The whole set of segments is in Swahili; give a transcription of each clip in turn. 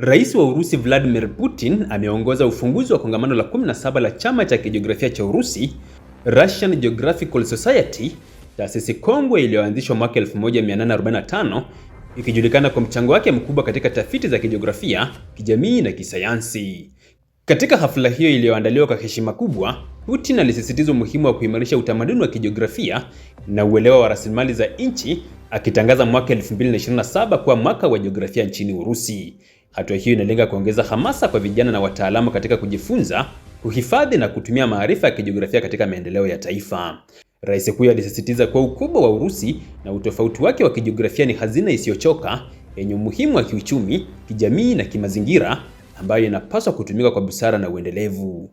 Rais wa Urusi Vladimir Putin ameongoza ufunguzi wa kongamano la 17 la chama cha kijiografia cha Urusi, Russian Geographical Society, taasisi kongwe iliyoanzishwa mwaka 1845 ikijulikana kwa mchango wake mkubwa katika tafiti za kijiografia, kijamii na kisayansi. Katika hafla hiyo iliyoandaliwa kwa heshima kubwa, Putin alisisitiza umuhimu wa kuimarisha utamaduni wa kijiografia na uelewa wa rasilimali za nchi, akitangaza mwaka 2027 kuwa mwaka wa jiografia nchini Urusi. Hatua hiyo inalenga kuongeza hamasa kwa vijana na wataalamu katika kujifunza, kuhifadhi na kutumia maarifa ya kijiografia katika maendeleo ya taifa. Rais huyo alisisitiza kuwa ukubwa wa Urusi na utofauti wake wa kijiografia ni hazina isiyochoka yenye umuhimu wa kiuchumi, kijamii na kimazingira ambayo inapaswa kutumika kwa busara na uendelevu.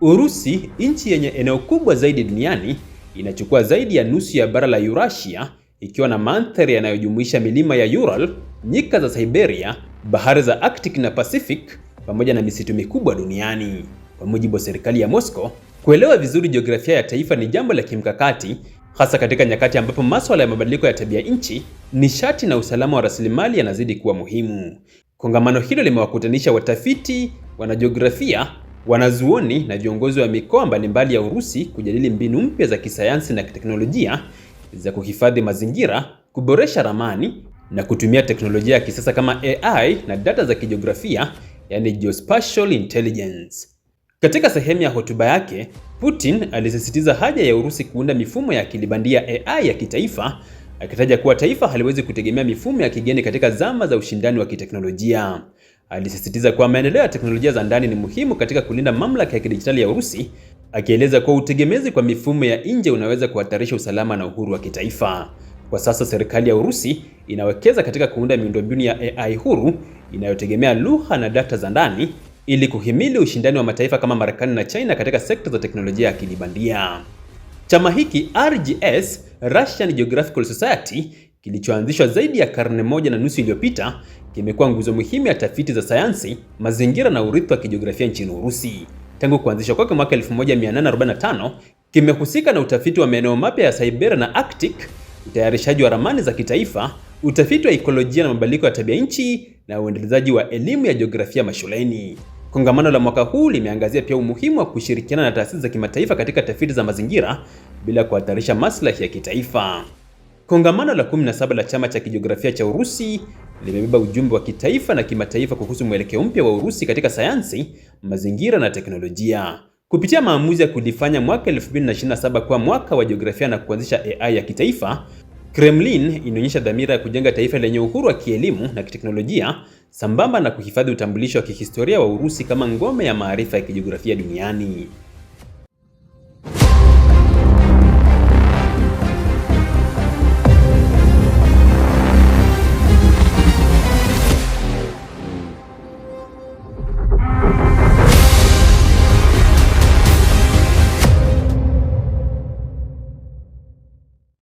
Urusi, nchi yenye eneo kubwa zaidi duniani, inachukua zaidi ya nusu ya bara la Eurasia, ikiwa na mandhari yanayojumuisha milima ya Ural, nyika za Siberia bahari za Arctic na Pacific pamoja na misitu mikubwa duniani. Kwa mujibu wa serikali ya Moscow, kuelewa vizuri jiografia ya taifa ni jambo la kimkakati, hasa katika nyakati ambapo masuala ya mabadiliko ya tabia nchi, nishati na usalama wa rasilimali yanazidi kuwa muhimu. Kongamano hilo limewakutanisha watafiti, wanajiografia, wanazuoni na viongozi wa mikoa mbalimbali ya Urusi kujadili mbinu mpya za kisayansi na kiteknolojia za kuhifadhi mazingira, kuboresha ramani na kutumia teknolojia ya kisasa kama AI na data za kijiografia, yani geospatial intelligence. Katika sehemu ya hotuba yake, Putin alisisitiza haja ya Urusi kuunda mifumo ya akili bandia AI ya kitaifa, akitaja kuwa taifa haliwezi kutegemea mifumo ya kigeni katika zama za ushindani wa kiteknolojia. Alisisitiza kuwa maendeleo ya teknolojia za ndani ni muhimu katika kulinda mamlaka ya kidijitali ya Urusi, akieleza kuwa utegemezi kwa mifumo ya nje unaweza kuhatarisha usalama na uhuru wa kitaifa. Kwa sasa serikali ya Urusi inawekeza katika kuunda miundombinu ya AI huru inayotegemea lugha na data za ndani ili kuhimili ushindani wa mataifa kama Marekani na China katika sekta za teknolojia ya akili bandia. Chama hiki RGS, Russian Geographical Society, kilichoanzishwa zaidi ya karne moja na nusu iliyopita, kimekuwa nguzo muhimu ya tafiti za sayansi, mazingira na urithi wa kijiografia nchini Urusi. Tangu kuanzishwa kwake mwaka 1845, kimehusika na utafiti wa maeneo mapya ya Siberia na Arctic utayarishaji wa ramani za kitaifa, utafiti wa ikolojia na mabadiliko ya tabia nchi na uendelezaji wa elimu ya jiografia mashuleni. Kongamano la mwaka huu limeangazia pia umuhimu wa kushirikiana na taasisi za kimataifa katika tafiti za mazingira bila kuhatarisha maslahi ya kitaifa. Kongamano la 17 la chama cha kijiografia cha Urusi limebeba ujumbe wa kitaifa na kimataifa kuhusu mwelekeo mpya wa Urusi katika sayansi, mazingira na teknolojia. Kupitia maamuzi ya kulifanya mwaka 2027 kuwa mwaka wa jiografia na kuanzisha AI ya kitaifa, Kremlin inaonyesha dhamira ya kujenga taifa lenye uhuru wa kielimu na kiteknolojia sambamba na kuhifadhi utambulisho wa kihistoria wa Urusi kama ngome ya maarifa ya kijiografia duniani.